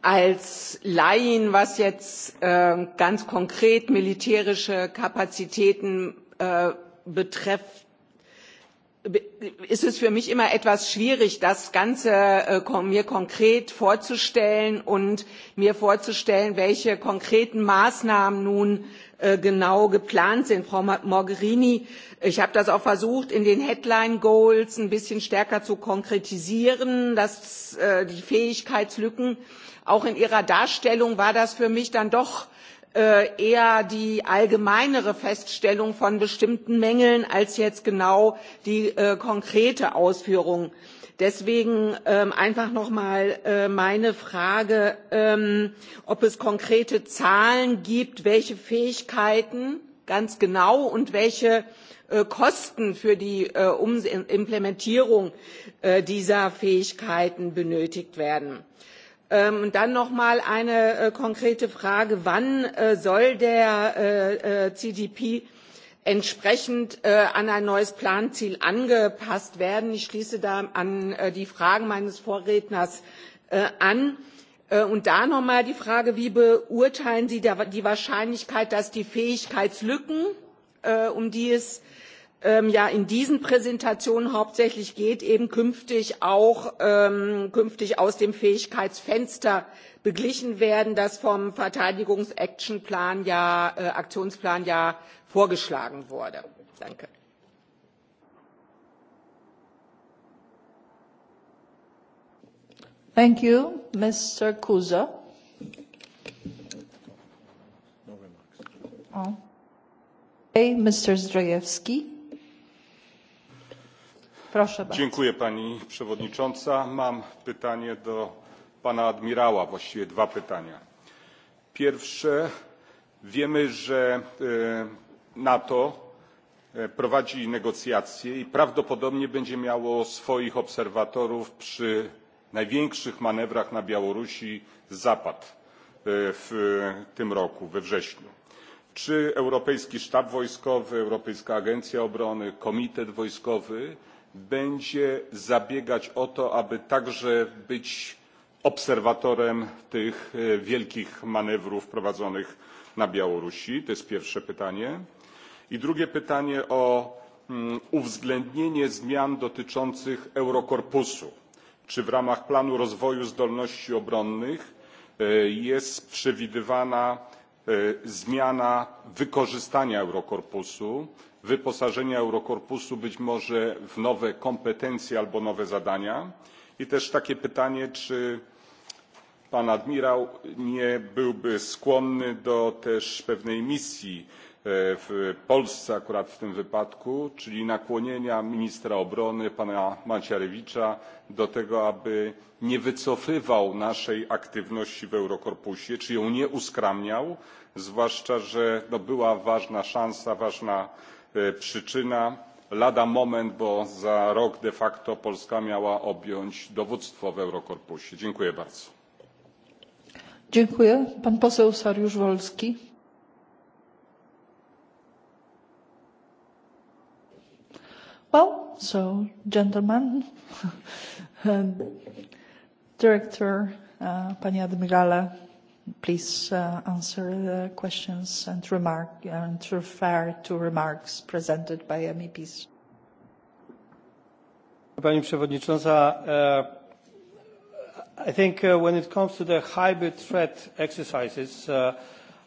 Speaker 7: Als Laien, was jetzt äh, ganz konkret militärische Kapazitäten äh, betrifft, ist es für mich immer etwas schwierig das ganze äh, mir konkret vorzustellen und mir vorzustellen welche konkreten maßnahmen nun äh, genau geplant sind. frau mogherini ich habe das auch versucht in den headline goals ein bisschen stärker zu konkretisieren dass äh, die fähigkeitslücken auch in ihrer darstellung war das für mich dann doch Äh, eher die allgemeinere feststellung von bestimmten mängeln als jetzt genau die äh, konkrete ausführung. deswegen ähm, einfach noch mal äh, meine frage ähm, ob es konkrete zahlen gibt welche fähigkeiten ganz genau und welche kosten für die implementierung dieser fähigkeiten benötigt werden. Ähm, und dann noch mal eine äh, konkrete frage wann äh, soll der äh, cdp entsprechend an ein neues planziel angepasst werden? ich schließe da an die fragen meines vorredners an. Und da noch mal die Frage, wie beurteilen Sie da die Wahrscheinlichkeit, dass die Fähigkeitslücken, um die es Ähm, ja in diesen Präsentationen hauptsächlich geht, eben künftig auch ähm, künftig aus dem Fähigkeitsfenster beglichen werden, das vom Verteidigungs-Action-Plan ja, äh, Aktionsplan ja vorgeschlagen wurde. Danke.
Speaker 1: Thank you. Mr. Couso. No remarks. Oh. Okay, Mr. Zdrojewski.
Speaker 2: Dziękuję pani przewodnicząca. Mam pytanie do pana admirała, właściwie dwa pytania. Pierwsze, wiemy, że NATO prowadzi negocjacje i prawdopodobnie będzie miało swoich obserwatorów przy największych manewrach na Białorusi Zapad w tym roku, we wrześniu. Czy Europejski Sztab Wojskowy, Europejska Agencja Obrony, Komitet Wojskowy będzie zabiegać o to aby także być obserwatorem tych wielkich manewrów prowadzonych na białorusi? to jest pierwsze pytanie. i drugie pytanie o mm, uwzględnienie zmian dotyczących eurokorpusu czy w ramach planu rozwoju zdolności obronnych jest przewidywana zmiana wykorzystania eurokorpusu wyposażenia eurokorpusu być może w nowe kompetencje albo nowe zadania i też takie pytanie czy pan admirał nie byłby skłonny do też pewnej misji w polsce akurat w tym wypadku czyli nakłonienia ministra obrony pana macierewicza do tego aby nie wycofywał naszej aktywności w eurokorpusie czy ją nie uskromniał zwłaszcza że była ważna szansa ważna przyczyna lada moment bo za rok de facto polska miała objąć dowództwo w eurokorpusie. dziękuję bardzo.
Speaker 1: Well, so gentlemen, um, director, uh, panie admirale, please uh, answer the questions and remark and refer to remarks presented by MEPs.
Speaker 5: Pani Przewodnicząca, uh, I think uh, when it comes to the hybrid threat exercises, uh,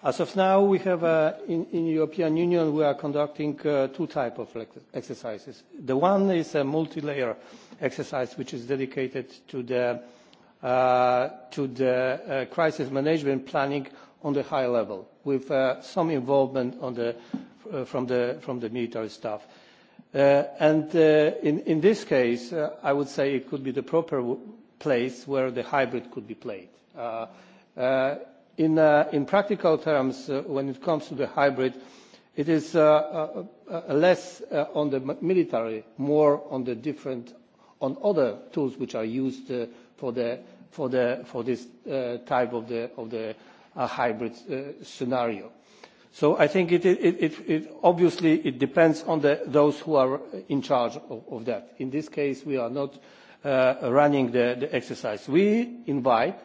Speaker 5: as of now we have uh, in, in European Union we are conducting uh, two types of exercises. The one is a multi-layer exercise which is dedicated to the Uh, to the uh, crisis management planning on the high level, with uh, some involvement on the, uh, from, the, from the military staff. Uh, and uh, in, in this case, uh, I would say it could be the proper place where the hybrid could be played. Uh, uh, in, uh, in practical terms, uh, when it comes to the hybrid, it is uh, uh, uh less uh, on the military, more on the different, on other tools which are used uh, for the for the for this uh, type of the of the uh, hybrid uh, scenario. So I think it, it, it, it obviously it depends on the, those who are in charge of, of that. In this case, we are not uh, running the, the exercise. We invite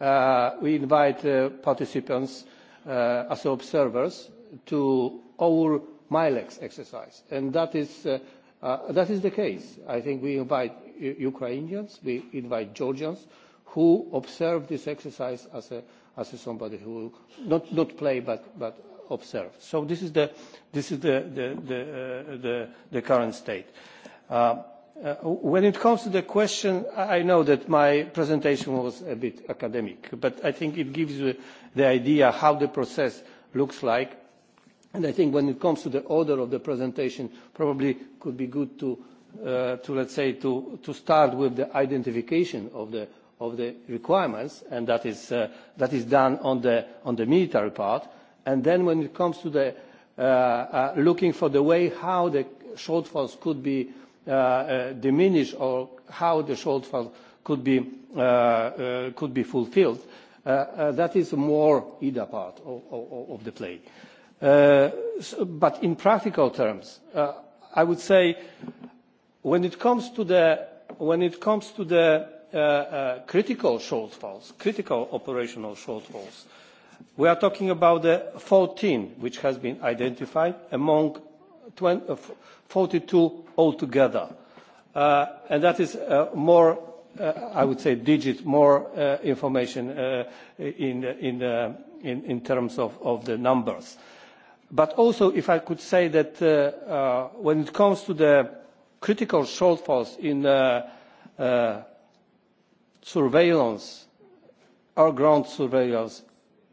Speaker 5: uh, we invite uh, participants uh, as observers to our Milex exercise, and that is. Uh, uh, that is the case. I think we invite Ukrainians, we invite Georgians, who observe this exercise as a as a somebody who not not play but but observe. So this is the this is the the the, uh, the, the current state. Uh, uh, when it comes to the question, I know that my presentation was a bit academic, but I think it gives you the idea how the process looks like. And I think when it comes to the order of the presentation, probably could be good to, uh, to let's say, to, to start with the identification of the of the requirements, and that is, uh, that is done on the, on the military part. And then when it comes to the, uh, uh, looking for the way how the shortfalls could be uh, uh, diminished or how the shortfall could be, uh, uh, could be fulfilled, uh, uh, that is more EDA part of, of, of the play. Uh, so, but in practical terms, uh, I would say when it comes to the, when it comes to the Uh, uh, critical shortfalls, critical operational shortfalls. We are talking about the 14 which has been identified among 20, 42 uh, altogether. Uh, and that is uh, more, uh, I would say, digit, more information in, in, in, in, terms of, of, the numbers. But also, if I could say that when it comes to the critical shortfalls in surveillance, our ground surveillance,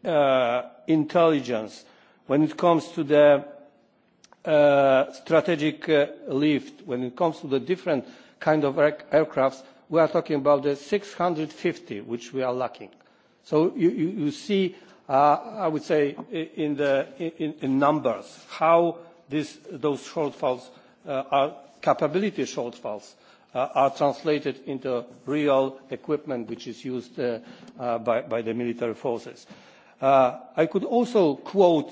Speaker 5: uh, intelligence, when it comes to the uh, strategic uh, lift, when it comes to the different kind of aircrafts, we are talking about the 650 which we are lacking. So you, you, you see, uh, I would say, in, the, in, in numbers, how this, those shortfalls uh, are capability shortfalls Uh, are translated into real equipment which is used uh, uh, by, by the military forces. Uh, I could also quote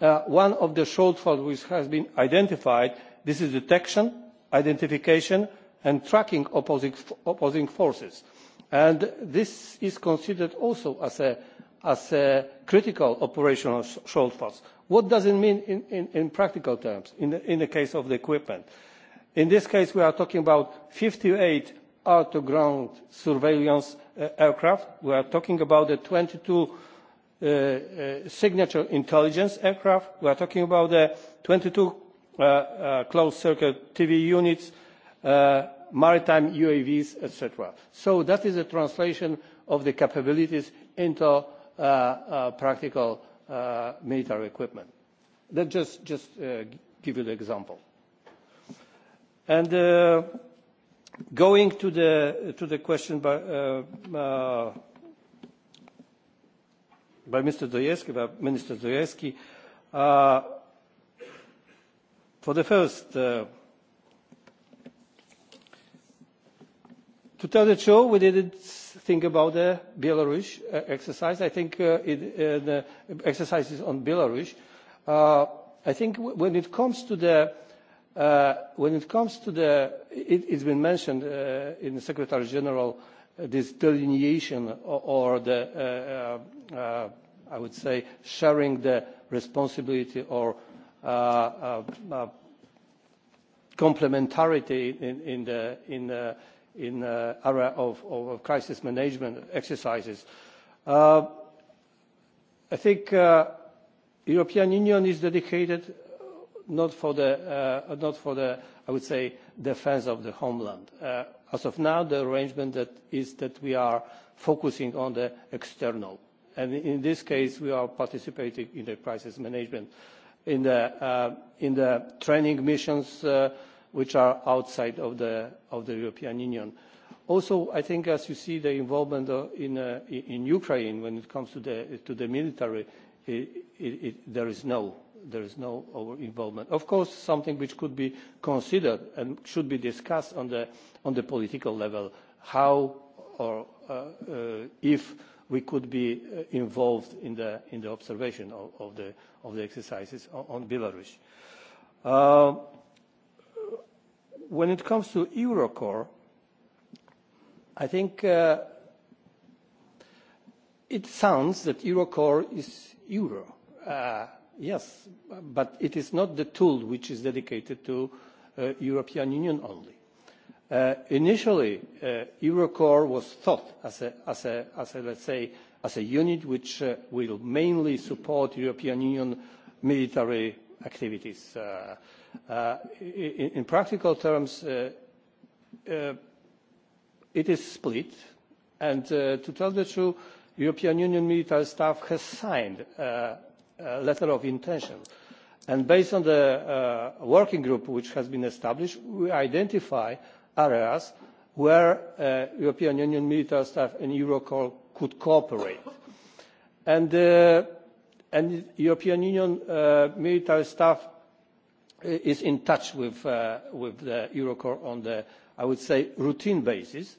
Speaker 5: uh, one of the shortfalls which has been identified. This is detection, identification and tracking opposing, opposing forces. And this is considered also as a, as a critical operational shortfall. What does it mean in, in, in practical terms in the, in the case of the equipment? Uh, in this case we are talking about fifty eight out of ground surveillance uh, aircraft we are talking about the twenty two uh, uh, signature intelligence aircraft we are talking about the twenty two uh, uh, closed circuit tv units uh, maritime uavs etc. so that is a translation of the capabilities into practical military equipment. let me just, just give you the example Uh, going to the, to the question by, uh, uh by Mr. Dostoevsky, by Minister Dostoevsky, uh, for the first, uh, to tell the truth, we didn't think about the Belarus uh, exercise. I think uh, it, uh, the exercises on Belarus. Uh, I think when it comes to the Uh, when it comes to the, it, it's been mentioned uh, in the Secretary General, uh, this delineation or, or the, uh, uh, uh, I would say, sharing the responsibility or uh, uh, uh, complementarity in, in the, in the in the area of, of crisis management exercises. Uh, I think uh, European Union is dedicated not for the, uh, not for the I would say, defense of the homeland. Uh, as of now, the arrangement that is that we are focusing on the external. And in this case, we are participating in the crisis management, in the, uh, in the training missions uh, which are outside of the, of the European Union. Also, I think as you see the involvement uh, in, uh, in Ukraine when it comes to the, to the military, it, it, it, there is no there is no over involvement. of course something which could be considered and should be discussed on the, on the political level how or uh, uh, if we could be uh, involved in the, in the observation of, the, of the exercises on, belarus. when it comes to eurocorps i think it sounds that eurocorps is euro yes but it is not the tool which is dedicated to the uh, european union only. Uh, initially uh, eurocorps was thought as a, as a, let's say as a unit which will mainly support european union military activities. In, in practical terms it is split and to tell the truth the european union military staff has signed Uh, letter of intention and based on the uh, working group which has been established we identify areas where uh, european union military staff and europol could cooperate and european union military staff is in touch with europol with eurocor on the i would say routine basis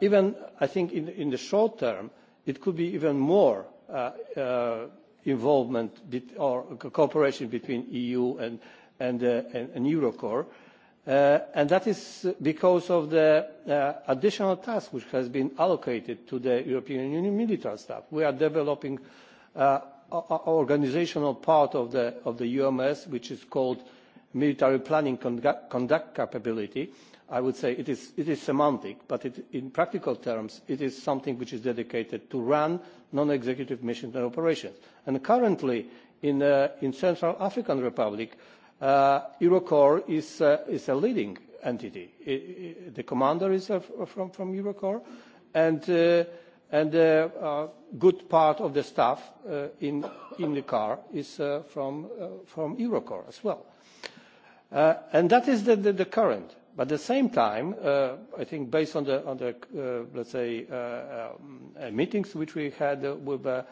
Speaker 5: even i think in the short term it could be even more involvement or cooperation between EU and, and, uh, and, Eurocorps. Uh, and that is because of the uh, additional task which has been allocated to the European Union military staff. We are developing an organizational part of the, of the UMS, which is called military planning conduct capability I would say it is, semantic, but in practical terms, it is something which is dedicated to run non-executive missions and operations. And currently, in, the uh, Central African Republic, uh, Eurocorps uh, is, a leading entity. the commander is from, Eurocorps, and, a good part of the staff in, the car is from, Eurocorps as well. and that is the current But at the same time, uh, I think based on the, on the uh, let's say, uh, uh, uh meetings which we had with, uh,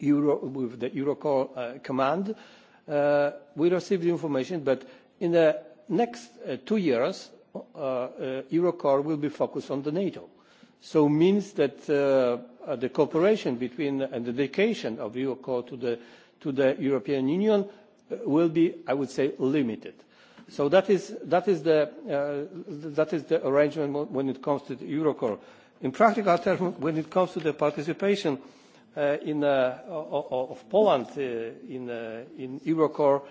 Speaker 5: Euro, with the Eurocall uh, command, uh, we received information that in the next uh, two years, uh, uh, Eurocall will be focused on the NATO. So means that uh, the cooperation between and the dedication of Eurocall to the, to the European Union uh, will be, I would say, limited So that is, that is, the, uh, that is the arrangement when it comes to the Eurocore. In practical terms, when it comes to the participation uh, in, uh, of Poland uh, in, uh, in Eurocore,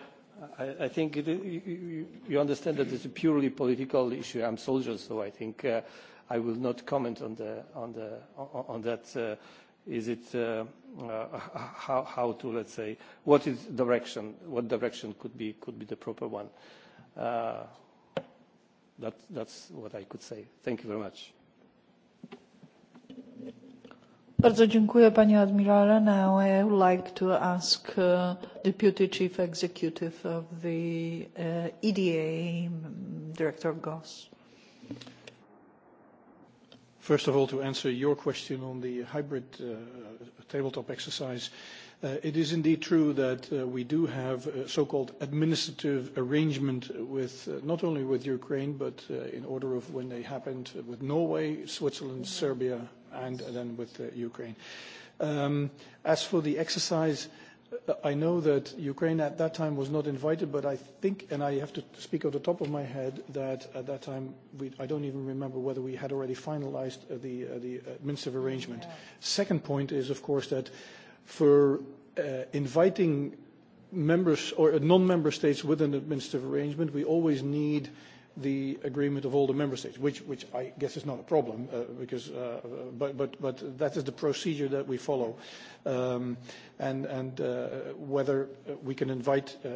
Speaker 5: I, I think it, you, you understand that it's a purely political issue. I'm soldier, so I think uh, I will not comment on, the, on, the, on that. Uh, is it uh, uh, how, how to, let's say, what is direction, what direction could be, could be the proper one. Uh, Uh, that, that's what I could say. Thank you very much.
Speaker 1: Bardzo dziękuję panie admirale. Now I would like to ask uh, Deputy Chief Executive of the uh, EDA, Director Goss.
Speaker 4: First of all, to answer your question on the hybrid uh, tabletop exercise, uh, it is indeed true that uh, we do have a uh, so-called administrative arrangement with uh, not only with Ukraine, but uh, in order of when they happened uh, with Norway, Switzerland, Serbia, and, and then with uh, Ukraine. Um, as for the exercise, uh, I know that Ukraine at that time was not invited, but I think, and I have to speak off the top of my head, that at that time, we, I don't even remember whether we had already finalized uh, the, uh, the uh, administrative arrangement. Yeah. Second point is, of course, that for uh, inviting members or uh, non-member states with an administrative arrangement, we always need the agreement of all the member states, which, which I guess is not a problem, uh, because, uh, but, but, but that is the procedure that we follow um, and, and uh, whether we can invite uh, uh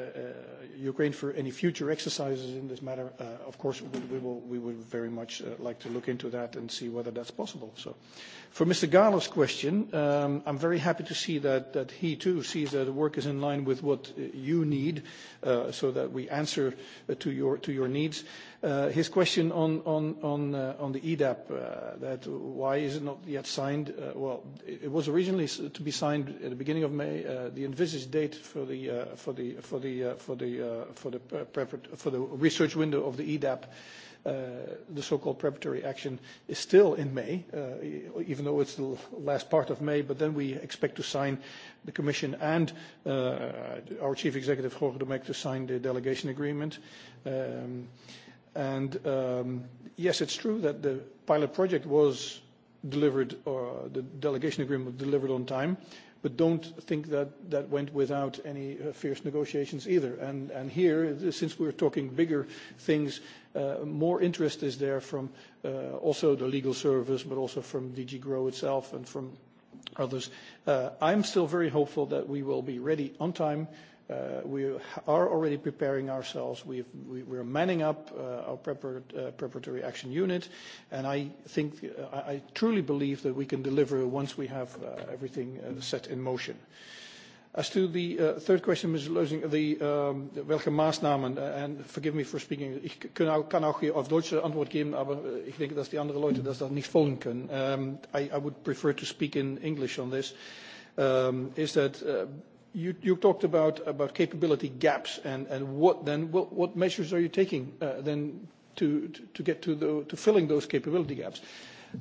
Speaker 4: Ukraine for any future exercises in this matter. Uh, of course, we, will, we would very much uh, like to look into that and see whether that's possible. So, for Mr. Gahler's question, um, I'm very happy to see that, that he too sees that the work is in line with what you need, so that we answer to your, to your needs. Uh, his question on, on, on, uh, on the EDAP, uh, that why is it not yet signed? Well, it, was originally to be signed at the beginning of May. The envisaged date for the for the, for the, for the, for the, for the research window of the EDAP the so-called preparatory action is still in May, even though it's the last part of May, but then we expect to sign the Commission and our Chief Executive, Jorge Domecq, to sign the delegation agreement. Um, And um, yes, it's true that the pilot project was delivered, or the delegation agreement was delivered on time, but don't think that that went without any uh, fierce negotiations either. And, and here, since we're talking bigger things, uh, more interest is there from uh, also the legal service, but also from DG Grow itself and from others. Uh, I'm still very hopeful that we will be ready on time Uh, we are already preparing ourselves. We've, we, we're manning up uh, our prepar uh, preparatory action unit, and I think uh, I, I truly believe that we can deliver once we have uh, everything uh, set in motion. As to the uh, third question, Ms. Leuzing, the, um, welche and forgive me for speaking, ich kann auch, kann auch hier auf Deutsch Antwort geben, aber ich denke, dass die anderen Leute das dann nicht folgen können. Um, I, I would prefer to speak in English on this. Um, is that uh, You, you talked about, about capability gaps and, and what then, what, what measures are you taking uh, then to, to, to get to, the, to filling those capability gaps?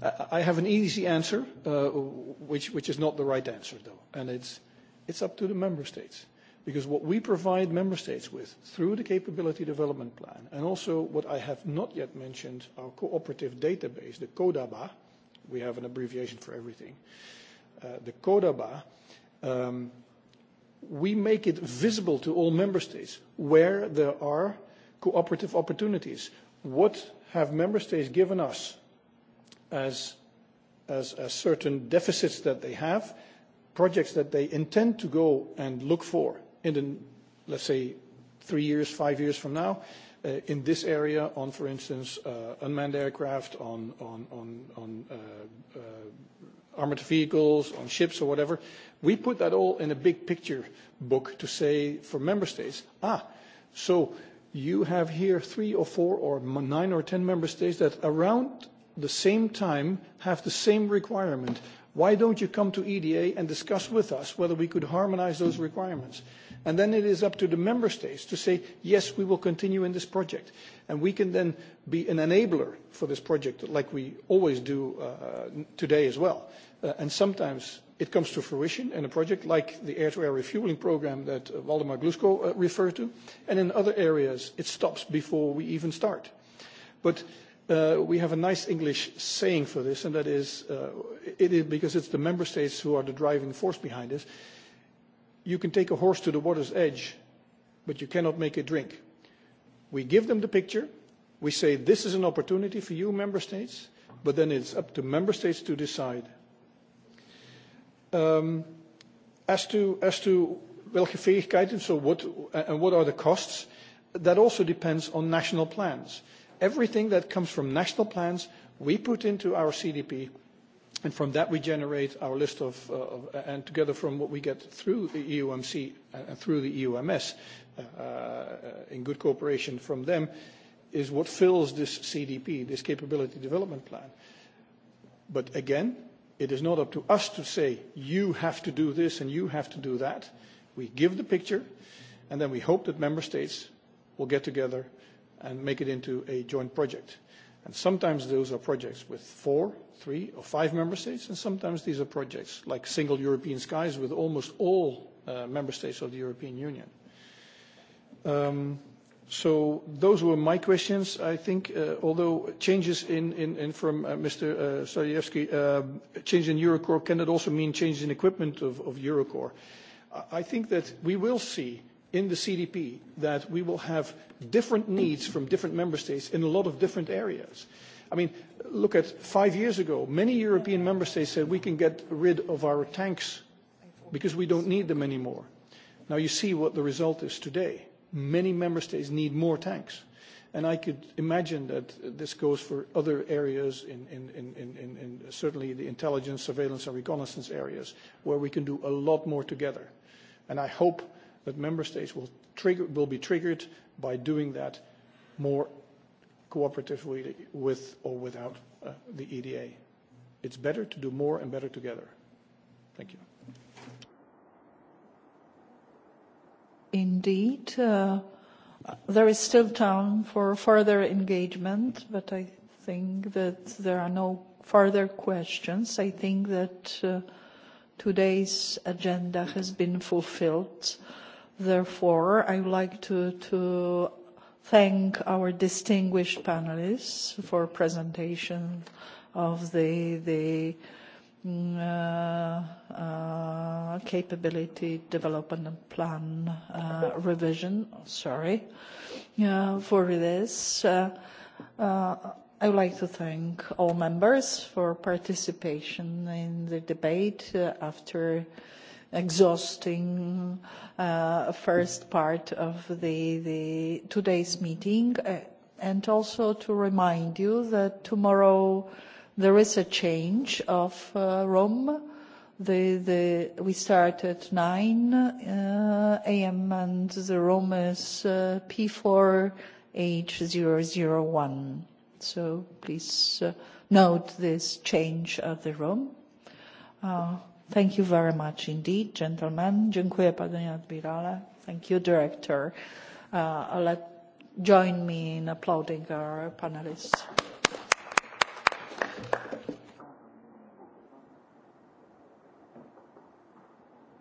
Speaker 4: Uh, I have an easy answer, uh, which, which is not the right answer, though, and it's, it's up to the member states. Because what we provide member states with through the capability development plan, and also what I have not yet mentioned, our cooperative database, the CODABA, we have an abbreviation for everything. Uh, the CODABA um, we make it visible to all member states where there are cooperative opportunities. What have member states given us as, as, as certain deficits that they have, projects that they intend to go and look for in, the, let's say, three years, five years from now, uh, in this area on, for instance, uh, unmanned aircraft, on, on, on, on uh, uh armored vehicles, on ships or whatever. We put that all in a big picture book to say for member states, ah, so you have here three or four or nine or ten member states that around the same time have the same requirement. Why don't you come to EDA and discuss with us whether we could harmonize those requirements? And then it is up to the member states to say, yes, we will continue in this project. And we can then be an enabler for this project like we always do uh, today as well. Uh, and sometimes it comes to fruition in a project like the air-to-air refuelling refueling program that uh, Waldemar Glusko uh, referred to. And in other areas, it stops before we even start. But Uh, we have a nice English saying for this, and that is, uh, it is because it's the member states who are the driving force behind this you can take a horse to the water's edge, but you cannot make it drink. We give them the picture. We say this is an opportunity for you, member states, but then it's up to member states to decide. Um, as to as to welke fähigkeiten, so what and what are the costs? That also depends on national plans. Everything that comes from national plans, we put into our CDP And from that, we generate our list of, uh, of uh, and together from what we get through the EUMC and uh, uh, through the EUMS, uh, in good cooperation from them, is what fills this CDP, this capability development plan. But again, it is not up to us to say, you have to do this and you have to do that. We give the picture, and then we hope that member states will get together and make it into a joint project. And sometimes those are projects with four, three, or five member states, and sometimes these are projects like Single European Skies with almost all uh, member states of the European Union. Um, so those were my questions. I think, uh, although changes in, in, in from uh, Mr. Uh, Strzelecki, um, change in EuroCorps, can it also mean changes in equipment of, of EuroCorps? I think that we will see in the CDP that we will have different needs from different member states in a lot of different areas. I mean, look at five years ago, many European member states said we can get rid of our tanks because we don't need them anymore. Now you see what the result is today. Many member states need more tanks. And I could imagine that this goes for other areas, in, in, in, in in, in certainly the intelligence, surveillance, and reconnaissance areas, where we can do a lot more together. And I hope but member states will, trigger, will be triggered by doing that more cooperatively with or without uh, the EDA. It's better to do more and better together. Thank you.
Speaker 1: Indeed, uh, there is still time for further engagement, but I think that there are no further questions. I think that uh, today's agenda has been fulfilled. Therefore, I would like to, to thank our distinguished panelists for presentation of the, the mm, uh, uh, capability development plan uh, revision. Sorry uh, for this. Uh, uh, I would like to thank all members for participation in the debate after exhausting uh, first part of the, the today's meeting, uh, and also to remind you that tomorrow there is a change of uh, room. The, the, we start at 9 uh, a.m. and the room is uh, P4H001. So please uh, note this change of the room. Uh, Thank you very much indeed, gentlemen. Dziękuję, panie admirale. Thank you, director. Uh, let join me in applauding our panelists.